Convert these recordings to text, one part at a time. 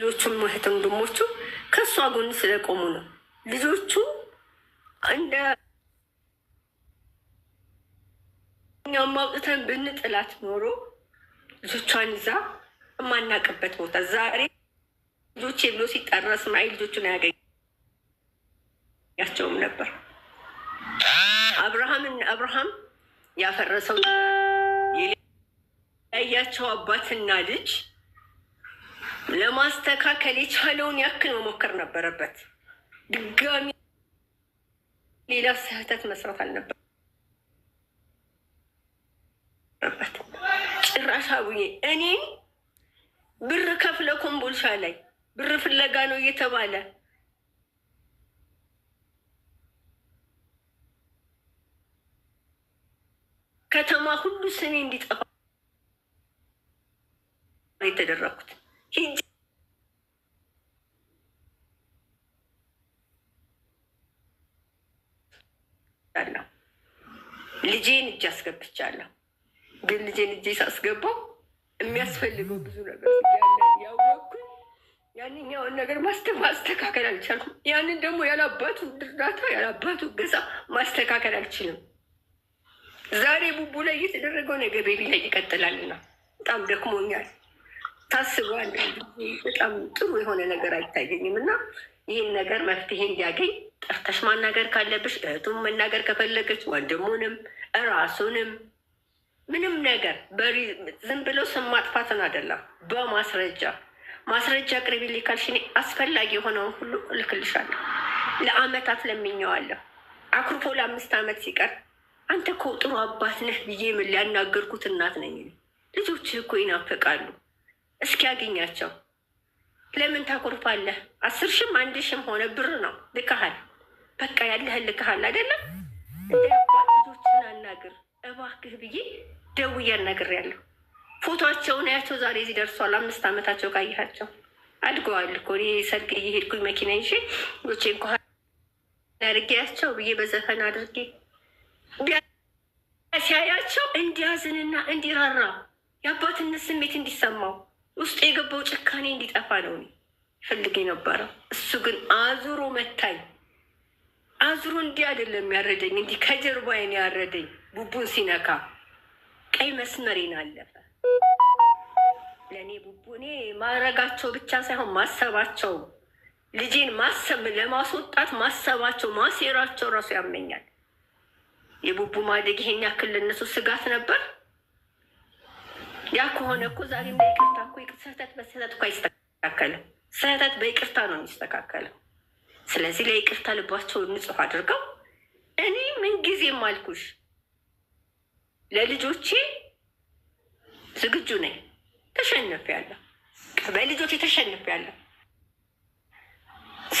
ልጆቹን ማለት ወንድሞቹ ከእሷ ጎን ስለቆሙ ነው። ልጆቹ እንደ እኛም ማውጥተን ብንጥላት ኖሮ ልጆቿን ይዛ የማናቅበት ቦታ ዛሬ ልጆቼ ብሎ ሲጠራ እስማኤል ልጆቹን አያገኛቸውም ነበር። አብርሃም አብርሃም ያፈረሰው ያያቸው አባትና ልጅ ለማስተካከል የቻለውን ያክል መሞከር ነበረበት። ድጋሚ ሌላ ስህተት መስራት አልነበረበት። ጭራሽ አቡዬ እኔ ብር ከፍለ ኮምቦልሻ ላይ ብር ፍለጋ ነው እየተባለ ከተማ ሁሉ ስሜ እንዲጠፋ የተደረኩት ልጄን እጅ አስገብቻለሁ። ግን ልጄን እጅ ሳስገባው የሚያስፈልገው ብዙ ነገር ያወቅኩኝ ያንኛውን ነገር ማስተካከል አልቻልኩም። ያንን ደግሞ ያላባቱ እርዳታ ያላባቱ ገዛ ማስተካከል አልችልም። ዛሬ ቡቡ ላይ እየተደረገው ነገ ቤቢ ላይ ይቀጥላልና በጣም ደክሞኛል። ታስቧል። በጣም ጥሩ የሆነ ነገር አይታየኝም እና ይህን ነገር መፍትሄ እንዲያገኝ ጠርተሽ ማናገር ካለብሽ እህቱም መናገር ከፈለገች ወንድሙንም እራሱንም ምንም ነገር ዝም ብሎ ስም ማጥፋትን አይደለም፣ በማስረጃ ማስረጃ አቅርቢልኝ ካልሽ እኔ አስፈላጊ የሆነውን ሁሉ እልክልሻለሁ። ለአመታት ለምኜዋለሁ። አኩርፎ ለአምስት አመት ሲቀር አንተ እኮ ጥሩ አባት ነህ ብዬ ምን ሊያናገርኩት እናት ነኝ። ልጆች እኮ ይናፍቃሉ። እስኪ ያገኛቸው። ለምን ታኩርፋለህ? አስር ሽም አንድ ሽም ሆነ ብር ነው ልካሃል። በቃ ያለህን ልካሃል አይደለም እንደ አባት ልጆችን አናግር እባክህ ብዬ ደውዬ አናግሬያለሁ። ፎቶቸውን ያቸው ዛሬ እዚህ ደርሷል። አምስት ዓመታቸው ካየሃቸው አድገዋል እኮ እኔ ሰርግ እየሄድኩኝ መኪና ይዤ ቼ እንኳ ያርጌያቸው ብዬ በዘፈን አድርጌ ሲያያቸው እንዲያዝንና እንዲራራ የአባትነት ስሜት እንዲሰማው ውስጥ የገባው ጭካኔ እንዲጠፋ ነው ፈልግ የነበረው። እሱ ግን አዙሮ መታኝ። አዙሮ እንዲህ አይደለም ያረደኝ፣ እንዲህ ከጀርባዬ ነው ያረደኝ። ቡቡን ሲነካ ቀይ መስመሬን አለፈ። ለእኔ ቡቡ እኔ ማድረጋቸው ብቻ ሳይሆን ማሰባቸው ልጄን ማሰብ ለማስወጣት ማሰባቸው ማሴራቸው እራሱ ያመኛል። የቡቡ ማደግ ይሄን ያክል ለእነሱ ስጋት ነበር። ያ ከሆነ እኮ ዛሬም በይቅርታ እኮ ስህተት በስህተት እኮ አይስተካከልም። ስህተት በይቅርታ ነው የሚስተካከለው። ስለዚህ ለይቅርታ ልባቸውን ንጹሕ አድርገው እኔ ምንጊዜም አልኩሽ ለልጆቼ ዝግጁ ነኝ። ተሸንፌያለሁ፣ በልጆቼ ተሸንፌያለሁ።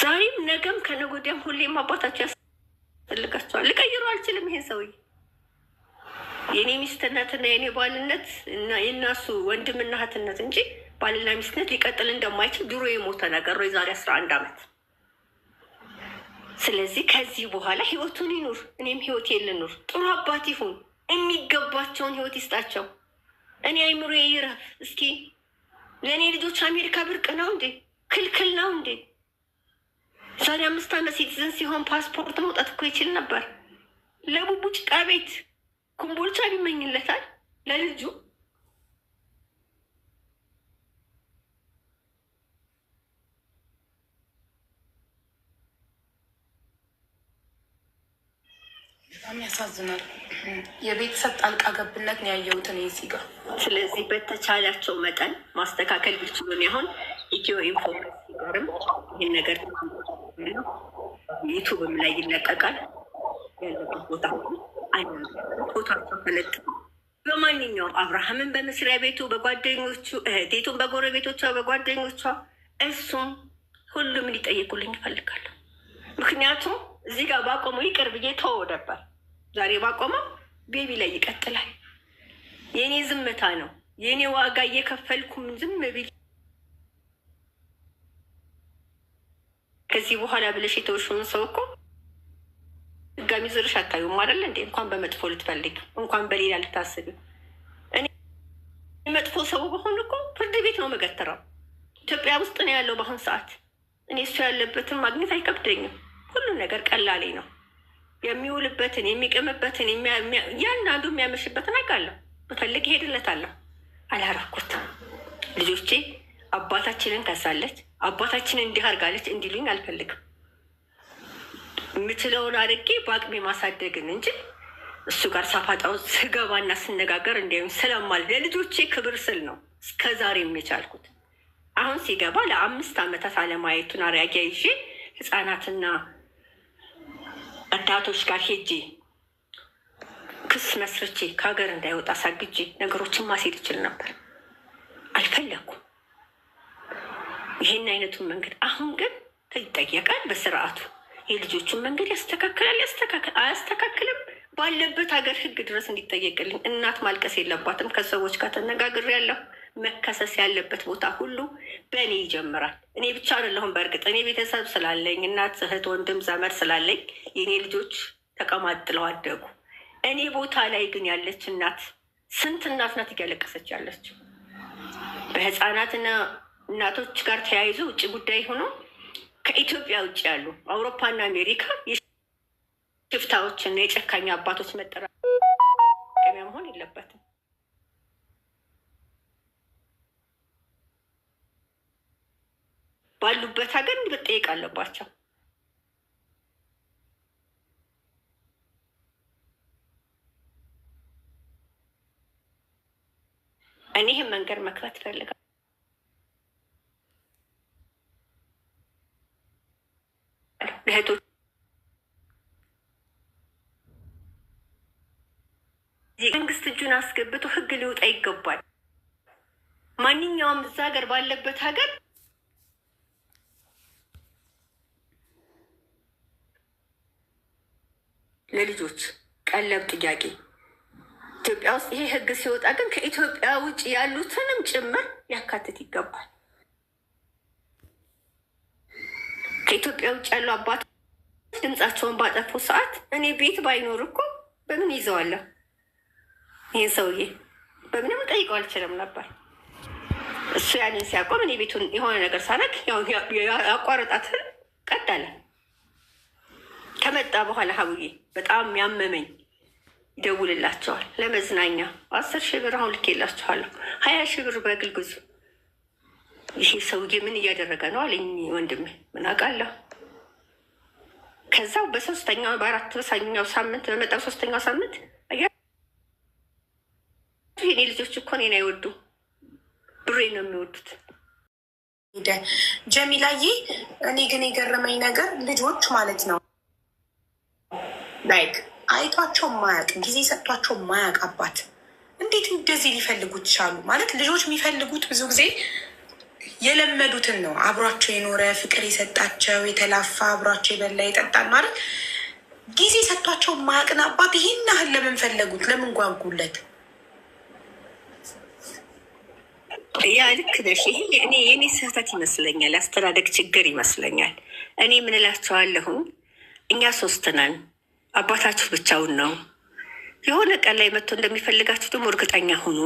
ዛሬም፣ ነገም፣ ከነገ ወዲያም ሁሌም አባታቸው ያስፈልጋቸዋል። ልቀይረው አልችልም። ይሄን ሰውዬ የእኔ ሚስትነትና የእኔ ባልነት እና የእናሱ ወንድምና እህትነት እንጂ ባልና ሚስትነት ሊቀጥል እንደማይችል ድሮ የሞተ ነገር ነው። የዛሬ አስራ አንድ አመት። ስለዚህ ከዚህ በኋላ ህይወቱን ይኑር፣ እኔም ህይወት ልኑር። ጥሩ አባት ይሁን፣ የሚገባቸውን ህይወት ይስጣቸው። እኔ አይምሮ ይረፍ። እስኪ ለእኔ ልጆች አሜሪካ ብርቅ ነው እንዴ? ክልክል ነው እንዴ? ዛሬ አምስት ዓመት ሲቲዝን ሲሆን ፓስፖርት መውጣት እኮ ይችል ነበር። ለቡቡ ጭቃ ቤት ኮምቦልቻ ቢመኝለታል ለልጁ በጣም ያሳዝናል። የቤተሰብ ጣልቃ ገብነት ነው ያየሁት እኔ እዚህ ጋር። ስለዚህ በተቻላቸው መጠን ማስተካከል ቢችሉን ያሁን ኢትዮ ኢንፎ ጋርም ይህን ነገር ዩቱብም ላይ ይለቀቃል። ያለበት ቦታ ቦታቸው ተለጥፎ በማንኛውም አብርሃምን በመስሪያ ቤቱ በጓደኞቹ እህቴቱን በጎረቤቶቿ በጓደኞቿ እሱም ሁሉም ሊጠየቁልኝ ይፈልጋሉ። ምክንያቱም እዚህ ጋር ባቆሙ ይቅር ብዬ ተወው ነበር። ዛሬ ባቆመው ቤቢ ላይ ይቀጥላል። የእኔ ዝምታ ነው የእኔ ዋጋ እየከፈልኩም ዝም ብል ከዚህ በኋላ ብለሽ የተወሹን ሰው እኮ ድጋሚ ዞርሽ አታዩም አይደለ እንዴ? እንኳን በመጥፎ ልትፈልግ እንኳን በሌላ ልታስብ። እኔ መጥፎ ሰው በሆን እኮ ፍርድ ቤት ነው መገተራው። ኢትዮጵያ ውስጥ ነው ያለው በአሁን ሰዓት። እኔ እሱ ያለበትን ማግኘት አይከብደኝም። ሁሉም ነገር ቀላሌ ነው። የሚውልበትን የሚቀምበትን እያንዳንዱ የሚያመሽበትን አውቃለሁ። ብፈልግ ሄድለታለሁ። አላረኩት። ልጆቼ አባታችንን ከሳለች፣ አባታችን እንዲህ አድርጋለች እንዲሉኝ አልፈልግም። የምችለውን አድርጌ በአቅሜ ማሳደግን እንጂ እሱ ጋር ሳፋጣው ስገባና ስነጋገር እንዲም ስለማል ለልጆቼ ክብር ስል ነው እስከዛሬ የሚቻልኩት። አሁን ሲገባ ለአምስት ዓመታት አለማየቱን አርአያ ይዤ ህፃናትና እናቶች ጋር ሄጄ ክስ መስርቼ ከሀገር እንዳይወጣ ሳግጄ ነገሮችን ማስሄድ ይችል ነበር። አልፈለኩም ይህን አይነቱን መንገድ። አሁን ግን ይጠየቃል በስርዓቱ የልጆቹን መንገድ ያስተካክላል። አያስተካክልም ባለበት ሀገር ህግ ድረስ እንዲጠየቅልኝ እናት ማልቀስ የለባትም። ከሰዎች ጋር ተነጋግሬያለሁ። መከሰስ ያለበት ቦታ ሁሉ በእኔ ይጀምራል። እኔ ብቻ አይደለሁም። በእርግጥ እኔ ቤተሰብ ስላለኝ እናት፣ እህት፣ ወንድም፣ ዘመድ ስላለኝ የእኔ ልጆች ተቀማጥለው አደጉ። እኔ ቦታ ላይ ግን ያለች እናት ስንት እናት ናት እያለቀሰች ያለችው? በህፃናትና እናቶች ጋር ተያይዞ ውጭ ጉዳይ ሆኖ ከኢትዮጵያ ውጭ ያሉ አውሮፓና አሜሪካ ሽፍታዎችና የጨካኝ አባቶች መጠራ መሆን የለበትም። ባሉበት ሀገር መጠየቅ አለባቸው። እኔህም መንገድ መክፈት ፈልጋል እህቶች መንግስት እጁን አስገብቶ ህግ ሊወጣ ይገባል። ማንኛውም እዛ ሀገር ባለበት ሀገር ለልጆች ቀለብ ጥያቄ ኢትዮጵያ ውስጥ ይሄ ህግ ሲወጣ ግን ከኢትዮጵያ ውጭ ያሉትንም ጭምር ሊያካትት ይገባል። ከኢትዮጵያ ውጭ ያሉ አባቶች ድምጻቸውን ባጠፉ ሰዓት እኔ ቤት ባይኖር እኮ በምን ይዘዋለሁ? ይህን ሰውዬ በምንም ጠይቀው አልችልም ነበር። እሱ ያንን ሲያቆም እኔ ቤቱን የሆነ ነገር ሳረግ ያቋረጣትን ቀጠለ ከመጣ በኋላ ሀቡዬ በጣም ያመመኝ ይደውልላቸዋል። ለመዝናኛ አስር ሺህ ብር አሁን ልኬላችኋለሁ። ሀያ ሺህ ብር በግል ግዙ። ይሄ ሰውዬ ምን እያደረገ ነው አለኝ ወንድሜ። ምን አውቃለሁ። ከዛው በሶስተኛው በአራት በሳኛው ሳምንት በመጣው ሶስተኛው ሳምንት የኔ ልጆች እኮ እኔን አይወዱ ብሬ ነው የሚወዱት። ጀሚላዬ፣ እኔ ግን የገረመኝ ነገር ልጆች ማለት ነው ላይክ አይቷቸው ማያቅ ጊዜ ሰጥቷቸው ማያቅ አባት እንዴት እንደዚህ ሊፈልጉት ይቻሉ? ማለት ልጆች የሚፈልጉት ብዙ ጊዜ የለመዱትን ነው። አብሯቸው የኖረ ፍቅር የሰጣቸው የተላፋ አብሯቸው የበላ የጠጣን ማለት ጊዜ ሰጥቷቸው ማያቅን አባት ይህን ያህል ለምን ፈለጉት? ለምን ጓጉለት? ያ ልክ ነሽ። ይሄ እኔ የእኔ ስህተት ይመስለኛል፣ ያስተዳደግ ችግር ይመስለኛል። እኔ ምን እላቸዋለሁ፣ እኛ ሶስት ነን አባታችሁ ብቻውን ነው። የሆነ ቀን ላይ መጥቶ እንደሚፈልጋችሁ ደግሞ እርግጠኛ ሁኑ።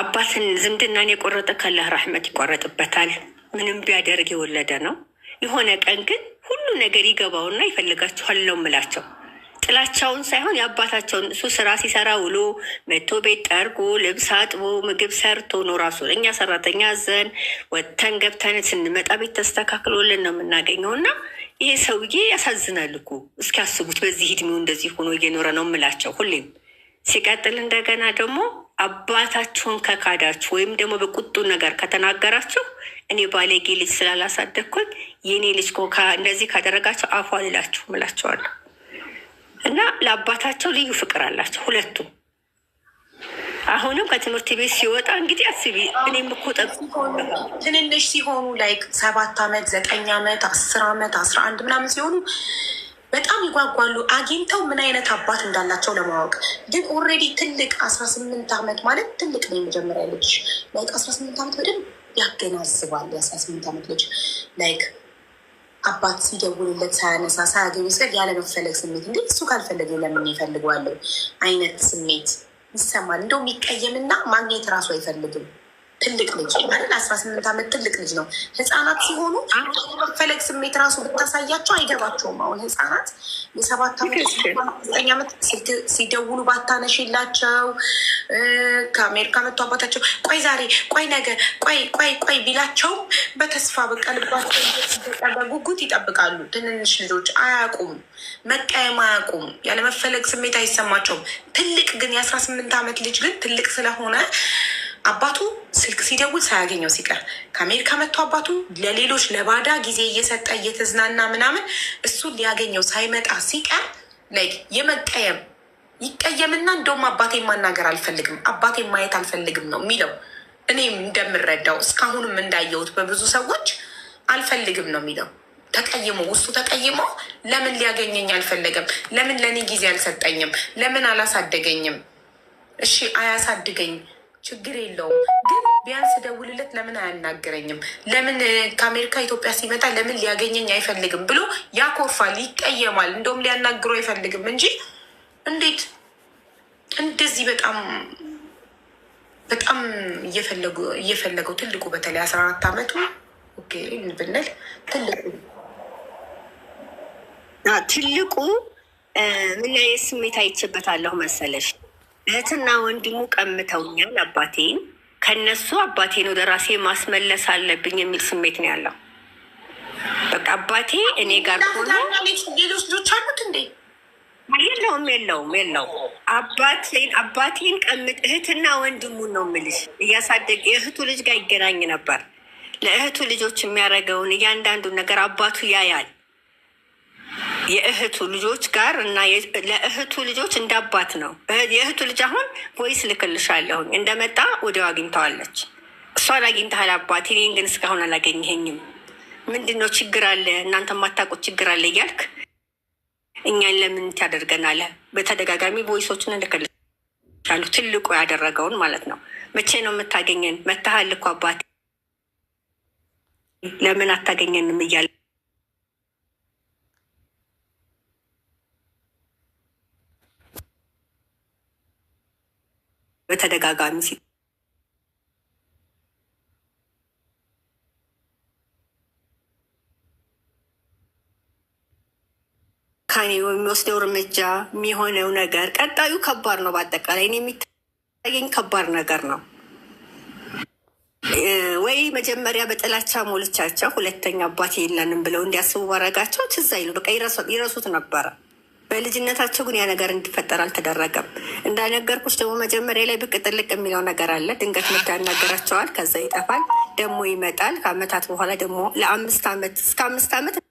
አባትን ዝምድናን የቆረጠ ከአላህ ራህመት ይቆረጥበታል። ምንም ቢያደርግ የወለደ ነው። የሆነ ቀን ግን ሁሉ ነገር ይገባውና ይፈልጋችኋል ነው ምላቸው። ጥላቻውን ሳይሆን የአባታቸውን እሱ ስራ ሲሰራ ውሎ መቶ ቤት ጠርጎ ልብስ አጥቦ ምግብ ሰርቶ ነው ራሱ። እኛ ሰራተኛ ዘን ወጥተን ገብተን ስንመጣ ቤት ተስተካክሎልን ነው የምናገኘው። እና ይሄ ሰውዬ ያሳዝናል እኮ እስኪያስቡት። በዚህ እድሜው እንደዚህ ሆኖ እየኖረ ነው የምላቸው ሁሌም። ሲቀጥል እንደገና ደግሞ አባታችሁን ከካዳችሁ ወይም ደግሞ በቁጡ ነገር ከተናገራችሁ እኔ ባለጌ ልጅ ስላላሳደግኩኝ የእኔ ልጅ እንደዚህ ካደረጋቸው አፏ ልላችሁ ምላቸዋለሁ። እና ለአባታቸው ልዩ ፍቅር አላቸው ሁለቱም። አሁንም ከትምህርት ቤት ሲወጣ እንግዲህ አስቢ፣ እኔም እኮ ትንንሽ ሲሆኑ ላይክ ሰባት አመት ዘጠኝ አመት አስር አመት አስራ አንድ ምናምን ሲሆኑ በጣም ይጓጓሉ አግኝተው ምን አይነት አባት እንዳላቸው ለማወቅ። ግን ኦልሬዲ ትልቅ አስራ ስምንት አመት ማለት ትልቅ ነው። የመጀመሪያ ልጅ ላይክ አስራ ስምንት አመት በደንብ ያገናዝባል። የአስራ ስምንት አመት ልጅ ላይክ አባት ሲደውልለት ሳያነሳ ሳያገኝ ስል ያለመፈለግ ስሜት እንዴ እሱ ካልፈለገ ለምን ይፈልገዋለሁ አይነት ስሜት ይሰማል። እንደውም ይቀየምና ማግኘት እራሱ አይፈልግም። ትልቅ ልጅ ማለት አስራ ስምንት ዓመት ትልቅ ልጅ ነው። ህፃናት ሲሆኑ ፈለግ ስሜት ራሱ ብታሳያቸው አይገባቸውም። አሁን ህፃናት የሰባት ዘጠኝ ዓመት ሲደውሉ ባታነሽላቸው ከአሜሪካ መጥቶ አባታቸው ቆይ ዛሬ ቆይ ነገ ቆይ ቆይ ቆይ ቢላቸውም በተስፋ በቃ ልባቸው በጉጉት ይጠብቃሉ። ትንንሽ ልጆች አያውቁም፣ መቀየም አያውቁም፣ ያለመፈለግ ስሜት አይሰማቸውም። ትልቅ ግን የአስራ ስምንት ዓመት ልጅ ግን ትልቅ ስለሆነ አባቱ ስልክ ሲደውል ሳያገኘው ሲቀር ከአሜሪካ መጥቶ አባቱ ለሌሎች ለባዳ ጊዜ እየሰጠ እየተዝናና ምናምን እሱን ሊያገኘው ሳይመጣ ሲቀር ላይ የመቀየም ይቀየምና እንደውም አባቴን ማናገር አልፈልግም፣ አባቴን ማየት አልፈልግም ነው የሚለው። እኔም እንደምረዳው እስካሁንም እንዳየሁት በብዙ ሰዎች አልፈልግም ነው የሚለው። ተቀይሞ ውስጡ ተቀይሞ ለምን ሊያገኘኝ አልፈለገም? ለምን ለእኔ ጊዜ አልሰጠኝም? ለምን አላሳደገኝም? እሺ አያሳድገኝ ችግር የለውም። ግን ቢያንስ ደውልለት ለምን አያናግረኝም? ለምን ከአሜሪካ ኢትዮጵያ ሲመጣ ለምን ሊያገኘኝ አይፈልግም ብሎ ያኮርፋል፣ ይቀየማል። እንደውም ሊያናግሩ አይፈልግም እንጂ እንዴት እንደዚህ በጣም በጣም እየፈለገው ትልቁ በተለይ አስራ አራት አመቱ ብንል ትልቁ ትልቁ ምን ላይ ስሜት አይችበታለሁ መሰለሽ እህትና ወንድሙ ቀምተውኛል አባቴን ከነሱ አባቴን ወደ ራሴ ማስመለስ አለብኝ የሚል ስሜት ነው ያለው። በቃ አባቴ እኔ ጋር ሌሎች ልጆች አሉት እንዴ? የለውም የለውም የለውም። አባቴን አባቴን ቀምጥ እህትና ወንድሙን ነው የምልሽ። እያሳደገ የእህቱ ልጅ ጋር ይገናኝ ነበር። ለእህቱ ልጆች የሚያደርገውን እያንዳንዱን ነገር አባቱ ያያል። የእህቱ ልጆች ጋር እና ለእህቱ ልጆች እንዳባት ነው። የእህቱ ልጅ አሁን ቮይስ ልክልሻለሁኝ እንደመጣ ወዲያው አግኝተዋለች። እሷን አግኝተሃል አባት፣ እኔን ግን እስካሁን አላገኘኸኝም። ምንድን ነው ችግር አለ? እናንተ የማታውቁት ችግር አለ እያልክ እኛን ለምን ታደርገናለ? በተደጋጋሚ ቮይሶችን እልክልሻለሁ። ትልቁ ያደረገውን ማለት ነው። መቼ ነው የምታገኘን? መታሃል እኮ አባት፣ ለምን አታገኘንም እያለ በተደጋጋሚ ካኔ የሚወስደው እርምጃ የሚሆነው ነገር ቀጣዩ ከባድ ነው። በአጠቃላይ የሚታየኝ ከባድ ነገር ነው። ወይ መጀመሪያ በጥላቻ ሞልቻቸው ሁለተኛ አባት የለንም ብለው እንዲያስቡ ባረጋቸው ትዝ አይሉ በቃ ይረሱት ነበረ። በልጅነታቸው ግን ያ ነገር እንዲፈጠር አልተደረገም። እንዳነገርኩች ደግሞ መጀመሪያ ላይ ብቅ ጥልቅ የሚለው ነገር አለ። ድንገት መዳ ያናገራቸዋል፣ ከዛ ይጠፋል፣ ደግሞ ይመጣል። ከአመታት በኋላ ደግሞ ለአምስት ዓመት እስከ አምስት ዓመት